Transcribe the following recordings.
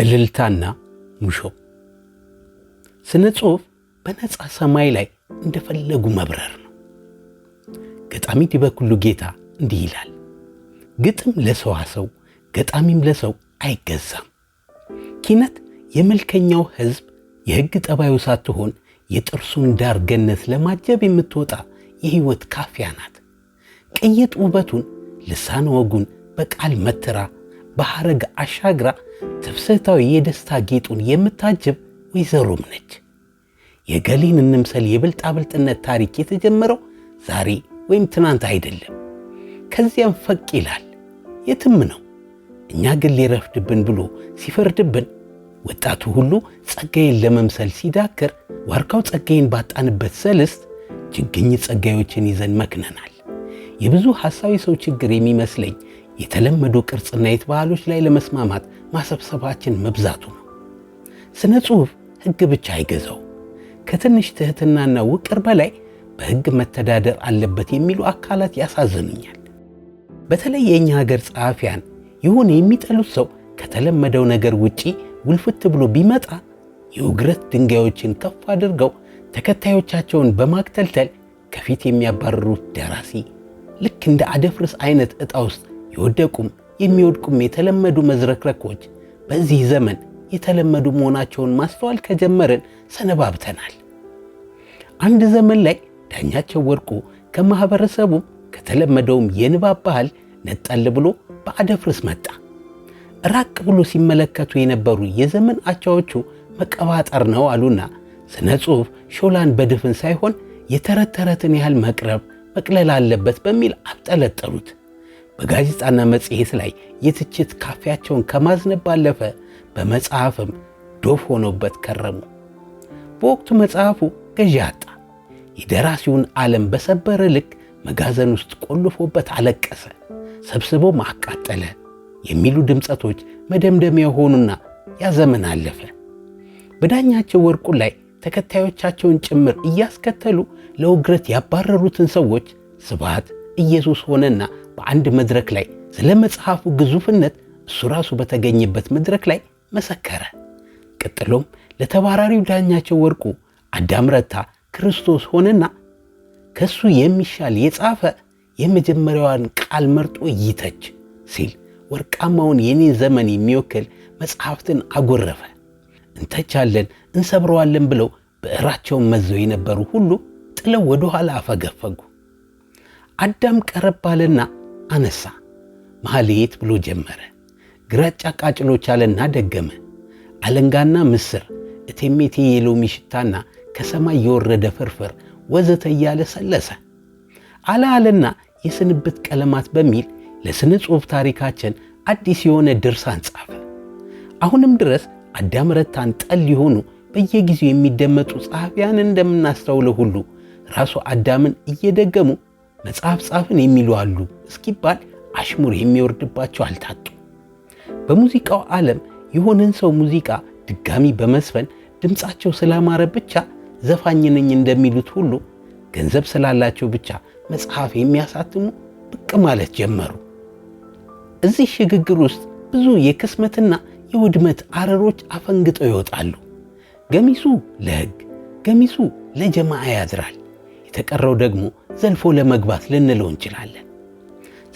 እልልታና ሙሾ። ስነ ጽሑፍ በነፃ ሰማይ ላይ እንደፈለጉ መብረር ነው። ገጣሚ ዲበኩሉ ጌታ እንዲህ ይላል፣ ግጥም ለሰዋ ሰው ገጣሚም ለሰው አይገዛም። ኪነት የመልከኛው ሕዝብ የሕግ ጠባዩ ሳትሆን የጥርሱን ዳር ገነት ለማጀብ የምትወጣ የሕይወት ካፊያ ናት። ቅይጥ ውበቱን ልሳን ወጉን በቃል መትራ በሐረግ አሻግራ ትፍስህታዊ የደስታ ጌጡን የምታጅብ ወይዘሮም ነች። የገሌን እንምሰል የብልጣብልጥነት ታሪክ የተጀመረው ዛሬ ወይም ትናንት አይደለም። ከዚያም ፈቅ ይላል የትም ነው። እኛ ግን ሊረፍድብን ብሎ ሲፈርድብን ወጣቱ ሁሉ ጸጋዬን ለመምሰል ሲዳከር ዋርካው ጸጋዬን ባጣንበት ሰልስት ችግኝ ጸጋዮችን ይዘን መክነናል። የብዙ ሐሳዊ ሰው ችግር የሚመስለኝ የተለመዱ ቅርጽና የት ባህሎች ላይ ለመስማማት ማሰብሰባችን መብዛቱ ነው። ስነ ጽሑፍ ሕግ ብቻ አይገዛው። ከትንሽ ትህትናና ውቅር በላይ በሕግ መተዳደር አለበት የሚሉ አካላት ያሳዝኑኛል። በተለይ የእኛ ሀገር ጸሐፊያን የሆነ የሚጠሉት ሰው ከተለመደው ነገር ውጪ ውልፍት ብሎ ቢመጣ የውግረት ድንጋዮችን ከፍ አድርገው ተከታዮቻቸውን በማክተልተል ከፊት የሚያባርሩት ደራሲ ልክ እንደ አደፍርስ አይነት ዕጣ ውስጥ የወደቁም የሚወድቁም የተለመዱ መዝረክረኮች በዚህ ዘመን የተለመዱ መሆናቸውን ማስተዋል ከጀመርን ሰነባብተናል። አንድ ዘመን ላይ ዳኛቸው ወርቁ ከማኅበረሰቡም ከተለመደውም የንባብ ባህል ነጠል ብሎ በአደፍርስ መጣ። ራቅ ብሎ ሲመለከቱ የነበሩ የዘመን አቻዎቹ መቀባጠር ነው አሉና ስነ ጽሑፍ ሾላን በድፍን ሳይሆን የተረት ተረትን ያህል መቅረብ መቅለል አለበት በሚል አብጠለጠሉት። በጋዜጣና መጽሔት ላይ የትችት ካፊያቸውን ከማዝነብ ባለፈ በመጽሐፍም ዶፍ ሆኖበት ከረሙ። በወቅቱ መጽሐፉ ገዢ አጣ። የደራሲውን ዓለም በሰበረ ልክ መጋዘን ውስጥ ቆልፎበት አለቀሰ፣ ሰብስቦም አቃጠለ የሚሉ ድምፀቶች መደምደሚያ ሆኑና ያ ዘመን አለፈ። በዳኛቸው ወርቁ ላይ ተከታዮቻቸውን ጭምር እያስከተሉ ለውግረት ያባረሩትን ሰዎች ስብሐት ኢየሱስ ሆነና በአንድ መድረክ ላይ ስለ መጽሐፉ ግዙፍነት እሱ ራሱ በተገኘበት መድረክ ላይ መሰከረ። ቀጥሎም ለተባራሪው ዳኛቸው ወርቁ አዳም ረታ ክርስቶስ ሆነና ከሱ የሚሻል የጻፈ የመጀመሪያዋን ቃል መርጦ ይተች ሲል ወርቃማውን የኔን ዘመን የሚወክል መጽሐፍትን አጎረፈ። እንተቻለን፣ እንሰብረዋለን ብለው ብዕራቸውን መዘው የነበሩ ሁሉ ጥለው ወደኋላ አፈገፈጉ። አዳም ቀረብ ባለና አነሳ። መሐልየት ብሎ ጀመረ። ግራጫ ቃጭሎች አለና ደገመ። አለንጋና ምስር፣ እቴሜቴ የሎሚ ሽታና ከሰማይ የወረደ ፍርፍር ወዘተ እያለ ሰለሰ። አለ አለና የስንብት ቀለማት በሚል ለስነ ጽሑፍ ታሪካችን አዲስ የሆነ ድርሳን ጻፈ። አሁንም ድረስ አዳም ረታን ጠል የሆኑ በየጊዜው የሚደመጡ ጸሐፊያን እንደምናስተውለው ሁሉ ራሱ አዳምን እየደገሙ መጽሐፍ ጻፍን የሚሉ አሉ እስኪባል አሽሙር የሚወርድባቸው አልታጡ። በሙዚቃው ዓለም የሆነን ሰው ሙዚቃ ድጋሚ በመስፈን ድምፃቸው ስላማረ ብቻ ዘፋኝ ነኝ እንደሚሉት ሁሉ ገንዘብ ስላላቸው ብቻ መጽሐፍ የሚያሳትሙ ብቅ ማለት ጀመሩ። እዚህ ሽግግር ውስጥ ብዙ የክስመትና የውድመት አረሮች አፈንግጠው ይወጣሉ። ገሚሱ ለሕግ ገሚሱ ለጀማዓ ያድራል። የተቀረው ደግሞ ዘልፎ ለመግባት ልንለው እንችላለን።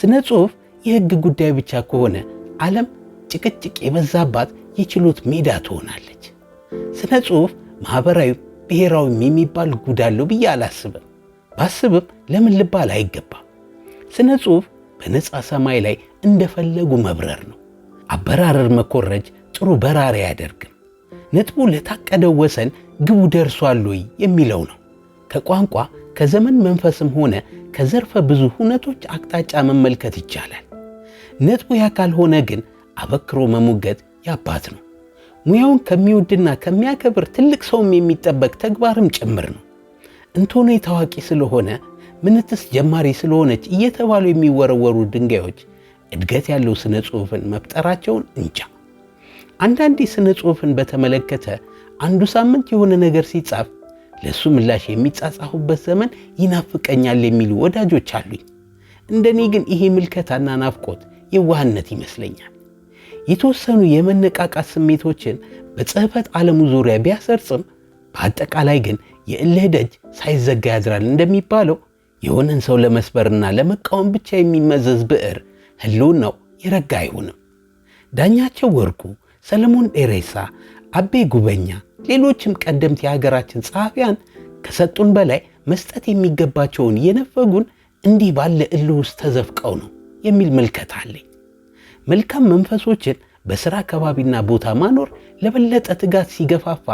ስነ ጽሑፍ የሕግ ጉዳይ ብቻ ከሆነ ዓለም ጭቅጭቅ የበዛባት የችሎት ሜዳ ትሆናለች። ስነ ጽሑፍ ማኅበራዊ፣ ብሔራዊ የሚባል ጉዳለው ብዬ አላስብም። ባስብም ለምን ልባል አይገባም። ስነ ጽሑፍ በነፃ ሰማይ ላይ እንደፈለጉ መብረር ነው። አበራረር መኮረጅ ጥሩ በራሪ አያደርግም። ነጥቡ ለታቀደው ወሰን ግቡ ደርሷል ወይ የሚለው ነው። ከቋንቋ ከዘመን መንፈስም ሆነ ከዘርፈ ብዙ ሁነቶች አቅጣጫ መመልከት ይቻላል። ነጥቡ ያ ካልሆነ ግን አበክሮ መሞገት ያባት ነው። ሙያውን ከሚወድና ከሚያከብር ትልቅ ሰውም የሚጠበቅ ተግባርም ጭምር ነው። እንቶኔ ታዋቂ ስለሆነ ምንትስ ጀማሪ ስለሆነች እየተባሉ የሚወረወሩ ድንጋዮች እድገት ያለው ስነ ጽሑፍን መፍጠራቸውን እንጃ። አንዳንዴ ስነ ጽሑፍን በተመለከተ አንዱ ሳምንት የሆነ ነገር ሲጻፍ ለእሱ ምላሽ የሚጻጻፉበት ዘመን ይናፍቀኛል የሚሉ ወዳጆች አሉኝ። እንደኔ ግን ይሄ ምልከታና ናፍቆት የዋህነት ይመስለኛል። የተወሰኑ የመነቃቃት ስሜቶችን በጽህፈት ዓለሙ ዙሪያ ቢያሰርጽም በአጠቃላይ ግን የእልህ ደጅ ሳይዘጋ ያድራል እንደሚባለው የሆነን ሰው ለመስበርና ለመቃወም ብቻ የሚመዘዝ ብዕር ነው የረጋ አይሆንም። ዳኛቸው ወርቁ፣ ሰለሞን ኤሬሳ፣ አቤ ጉበኛ ሌሎችም ቀደምት የሀገራችን ጸሐፊያን ከሰጡን በላይ መስጠት የሚገባቸውን የነፈጉን እንዲህ ባለ እልህ ውስጥ ተዘፍቀው ነው የሚል ምልከታ አለኝ። መልካም መንፈሶችን በሥራ አካባቢና ቦታ ማኖር ለበለጠ ትጋት ሲገፋፋ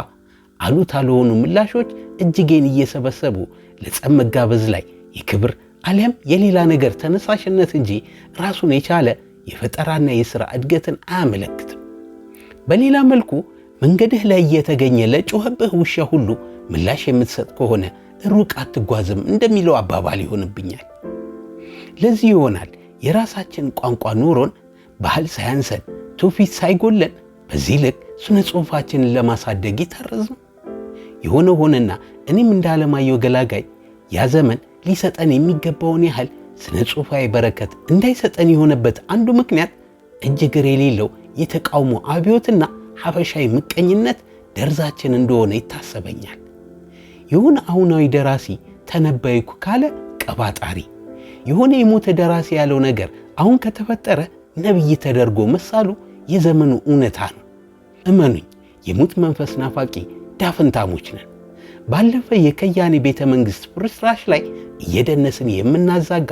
አሉታ ለሆኑ ምላሾች እጅጌን እየሰበሰቡ ለጸብ መጋበዝ ላይ የክብር አሊያም የሌላ ነገር ተነሳሽነት እንጂ ራሱን የቻለ የፈጠራና የሥራ እድገትን አያመለክትም። በሌላ መልኩ መንገድህ ላይ እየተገኘ ለጮኸብህ ውሻ ሁሉ ምላሽ የምትሰጥ ከሆነ ሩቅ አትጓዝም እንደሚለው አባባል ይሆንብኛል። ለዚህ ይሆናል የራሳችን ቋንቋ ኑሮን ባህል ሳያንሰን ትውፊት ሳይጎለን በዚህ ልክ ስነ ጽሑፋችንን ለማሳደግ ይታረዝም። የሆነ ሆነና እኔም እንደ አለማየሁ ገላጋይ ያ ዘመን ሊሰጠን የሚገባውን ያህል ስነ ጽሑፋዊ በረከት እንዳይሰጠን የሆነበት አንዱ ምክንያት እጅግር የሌለው የተቃውሞ አብዮትና ሀበሻዊ ምቀኝነት ደርዛችን እንደሆነ ይታሰበኛል። የሆነ አሁናዊ ደራሲ ተነባይኩ ካለ ቀባጣሪ፣ የሆነ የሞተ ደራሲ ያለው ነገር አሁን ከተፈጠረ ነቢይ ተደርጎ መሳሉ የዘመኑ እውነታ ነው። እመኑኝ፣ የሙት መንፈስ ናፋቂ ዳፍንታሞች ነን። ባለፈ የከያኔ ቤተ መንግሥት ፍርስራሽ ላይ እየደነስን የምናዛጋ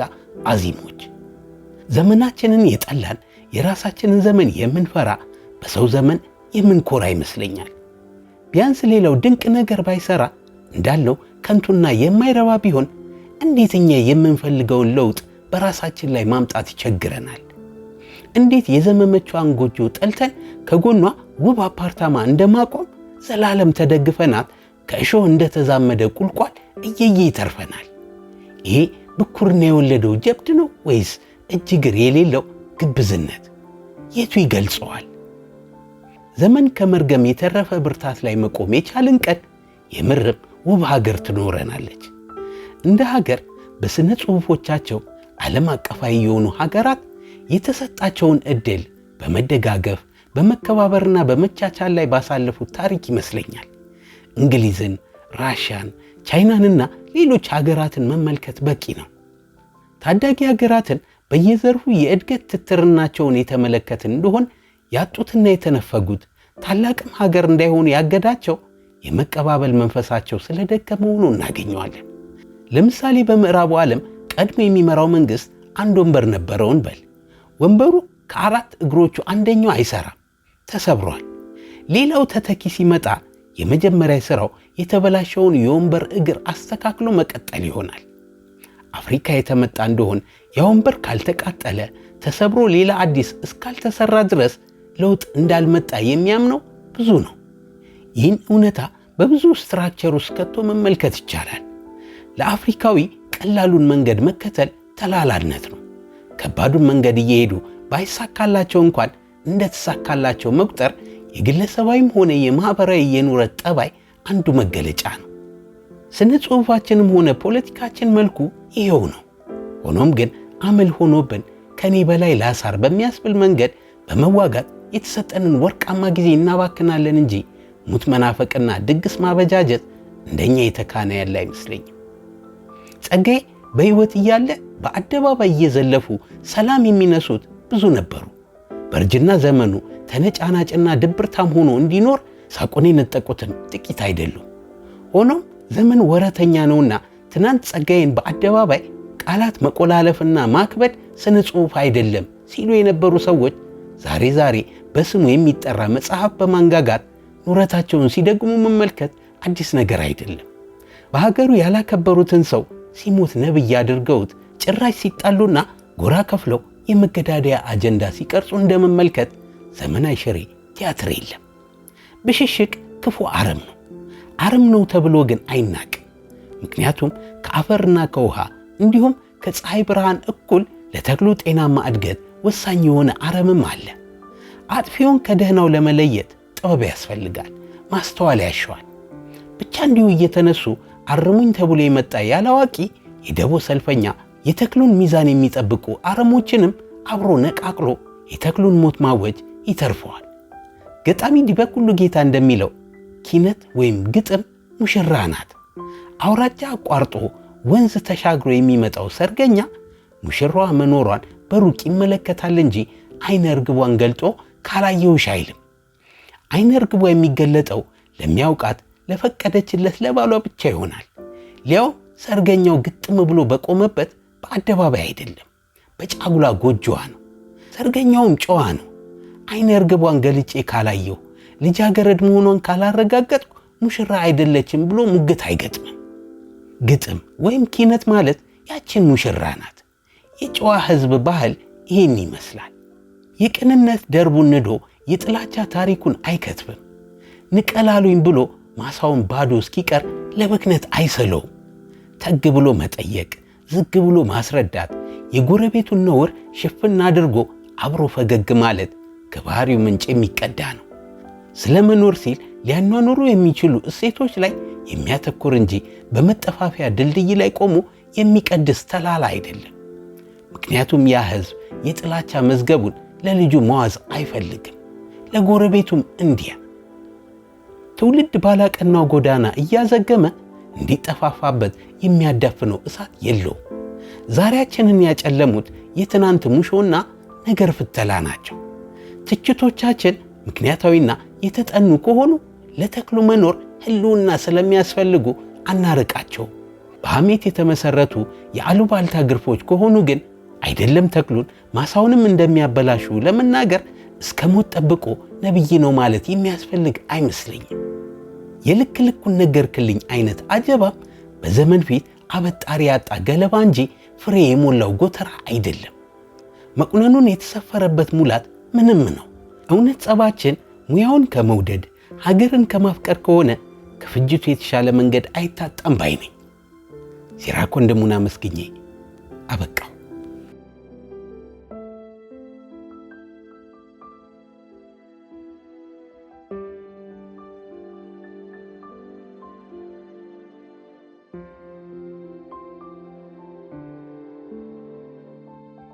አዚሞች፣ ዘመናችንን የጠላን የራሳችንን ዘመን የምንፈራ በሰው ዘመን የምንኮራ ይመስለኛል። ቢያንስ ሌላው ድንቅ ነገር ባይሰራ እንዳለው ከንቱና የማይረባ ቢሆን እንዴት እኛ የምንፈልገውን ለውጥ በራሳችን ላይ ማምጣት ይቸግረናል? እንዴት የዘመመችዋን ጎጆ ጠልተን ከጎኗ ውብ አፓርታማ እንደማቆም ዘላለም ተደግፈናት ከእሾህ እንደተዛመደ ቁልቋል እየየ ይተርፈናል። ይሄ ብኩርና የወለደው ጀብድ ነው ወይስ እጅግር የሌለው ግብዝነት? የቱ ይገልጸዋል? ዘመን ከመርገም የተረፈ ብርታት ላይ መቆም የቻልን ቀን የምርም ውብ ሀገር ትኖረናለች። እንደ ሀገር በሥነ ጽሑፎቻቸው ዓለም አቀፋዊ የሆኑ ሀገራት የተሰጣቸውን ዕድል በመደጋገፍ በመከባበርና በመቻቻል ላይ ባሳለፉት ታሪክ ይመስለኛል። እንግሊዝን፣ ራሽያን፣ ቻይናንና ሌሎች ሀገራትን መመልከት በቂ ነው። ታዳጊ ሀገራትን በየዘርፉ የእድገት ትትርናቸውን የተመለከትን እንደሆን ያጡትና የተነፈጉት ታላቅም ሀገር እንዳይሆኑ ያገዳቸው የመቀባበል መንፈሳቸው ስለደከ መሆኑ እናገኘዋለን። ለምሳሌ በምዕራቡ ዓለም ቀድሞ የሚመራው መንግሥት አንድ ወንበር ነበረውን በል ወንበሩ ከአራት እግሮቹ አንደኛው አይሰራም፣ ተሰብሯል። ሌላው ተተኪ ሲመጣ የመጀመሪያ ሥራው የተበላሸውን የወንበር እግር አስተካክሎ መቀጠል ይሆናል። አፍሪካ የተመጣ እንደሆን የወንበር ካልተቃጠለ ተሰብሮ ሌላ አዲስ እስካልተሰራ ድረስ ለውጥ እንዳልመጣ የሚያምነው ብዙ ነው። ይህን እውነታ በብዙ ስትራክቸር ውስጥ ከቶ መመልከት ይቻላል። ለአፍሪካዊ ቀላሉን መንገድ መከተል ተላላነት ነው። ከባዱን መንገድ እየሄዱ ባይሳካላቸው እንኳን እንደተሳካላቸው መቁጠር የግለሰባዊም ሆነ የማኅበራዊ የኑረት ጠባይ አንዱ መገለጫ ነው። ስነ ጽሑፋችንም ሆነ ፖለቲካችን መልኩ ይኸው ነው። ሆኖም ግን አመል ሆኖብን ከኔ በላይ ላሳር በሚያስብል መንገድ በመዋጋት የተሰጠንን ወርቃማ ጊዜ እናባክናለን እንጂ ሙት መናፈቅና ድግስ ማበጃጀት እንደኛ የተካነ ያለ አይመስለኝም። ጸጋዬ በሕይወት እያለ በአደባባይ እየዘለፉ ሰላም የሚነሱት ብዙ ነበሩ። በእርጅና ዘመኑ ተነጫናጭና ድብርታም ሆኖ እንዲኖር ሳቁን የነጠቁትም ጥቂት አይደሉም። ሆኖም ዘመን ወረተኛ ነውና ትናንት ጸጋዬን በአደባባይ ቃላት መቆላለፍና ማክበድ ስነ ጽሑፍ አይደለም ሲሉ የነበሩ ሰዎች ዛሬ ዛሬ በስሙ የሚጠራ መጽሐፍ በማንጋጋት ኑረታቸውን ሲደግሙ መመልከት አዲስ ነገር አይደለም። በሀገሩ ያላከበሩትን ሰው ሲሞት ነብይ አድርገውት ጭራሽ ሲጣሉና ጎራ ከፍለው የመገዳደያ አጀንዳ ሲቀርጹ እንደመመልከት ዘመን አይሽሬ ቲያትር የለም። ብሽሽቅ ክፉ አረም ነው። አረም ነው ተብሎ ግን አይናቅም። ምክንያቱም ከአፈርና ከውሃ እንዲሁም ከፀሐይ ብርሃን እኩል ለተክሉ ጤናማ እድገት ወሳኝ የሆነ አረምም አለ። አጥፊውን ከደህናው ለመለየት ጥበብ ያስፈልጋል፣ ማስተዋል ያሸዋል። ብቻ እንዲሁ እየተነሱ አርሙኝ ተብሎ የመጣ ያለዋቂ የደቦ ሰልፈኛ የተክሉን ሚዛን የሚጠብቁ አረሞችንም አብሮ ነቃቅሎ የተክሉን ሞት ማወጅ ይተርፈዋል። ገጣሚ ዲበኩሉ ጌታ እንደሚለው ኪነት ወይም ግጥም ሙሽራ ናት። አውራጃ አቋርጦ ወንዝ ተሻግሮ የሚመጣው ሰርገኛ ሙሽራዋ መኖሯን በሩቅ ይመለከታል እንጂ አይነ ርግቧን ገልጦ ካላየውሽ አይልም። አይነ ርግቧ የሚገለጠው ለሚያውቃት ለፈቀደችለት ለባሏ ብቻ ይሆናል። ሊያው ሰርገኛው ግጥም ብሎ በቆመበት በአደባባይ አይደለም፣ በጫጉላ ጎጆዋ ነው። ሰርገኛውም ጨዋ ነው። አይነ ርግቧን ገልጬ ካላየሁ ልጃገረድ መሆኗን ካላረጋገጥኩ ሙሽራ አይደለችም ብሎ ሙግት አይገጥምም። ግጥም ወይም ኪነት ማለት ያችን ሙሽራ ናት። የጨዋ ሕዝብ ባህል ይህን ይመስላል። የቅንነት ደርቡን ንዶ የጥላቻ ታሪኩን አይከትብም። ንቀላሉኝ ብሎ ማሳውን ባዶ እስኪቀር ለመክነት አይሰለው። ተግ ብሎ መጠየቅ፣ ዝግ ብሎ ማስረዳት፣ የጎረቤቱን ነውር ሽፍን አድርጎ አብሮ ፈገግ ማለት ከባህሪው ምንጭ የሚቀዳ ነው። ስለ መኖር ሲል ሊያኗኑሩ የሚችሉ እሴቶች ላይ የሚያተኩር እንጂ በመጠፋፊያ ድልድይ ላይ ቆሞ የሚቀድስ ተላላ አይደለም። ምክንያቱም ያ ህዝብ የጥላቻ መዝገቡን ለልጁ መዋዝ አይፈልግም፣ ለጎረቤቱም እንዲያ። ትውልድ ባላቀናው ጎዳና እያዘገመ እንዲጠፋፋበት የሚያዳፍነው እሳት የለውም። ዛሬያችንን ያጨለሙት የትናንት ሙሾና ነገር ፍተላ ናቸው። ትችቶቻችን ምክንያታዊና የተጠኑ ከሆኑ ለተክሉ መኖር ህልውና ስለሚያስፈልጉ አናርቃቸው። በሐሜት የተመሰረቱ የአሉባልታ ግርፎች ከሆኑ ግን አይደለም ተክሉን ማሳውንም እንደሚያበላሹ ለመናገር እስከ ሞት ጠብቆ ነቢይ ነው ማለት የሚያስፈልግ አይመስለኝም። የልክ ልኩን ነገርክልኝ አይነት አጀባም በዘመን ፊት አበጣሪ ያጣ ገለባ እንጂ ፍሬ የሞላው ጎተራ አይደለም። መቁነኑን የተሰፈረበት ሙላት ምንም ነው። እውነት ጸባችን ሙያውን ከመውደድ ሀገርን ከማፍቀር ከሆነ ከፍጅቱ የተሻለ መንገድ አይታጣም ባይ ነኝ። ሲራክ ወንድሙን አመስግኜ አበቃው።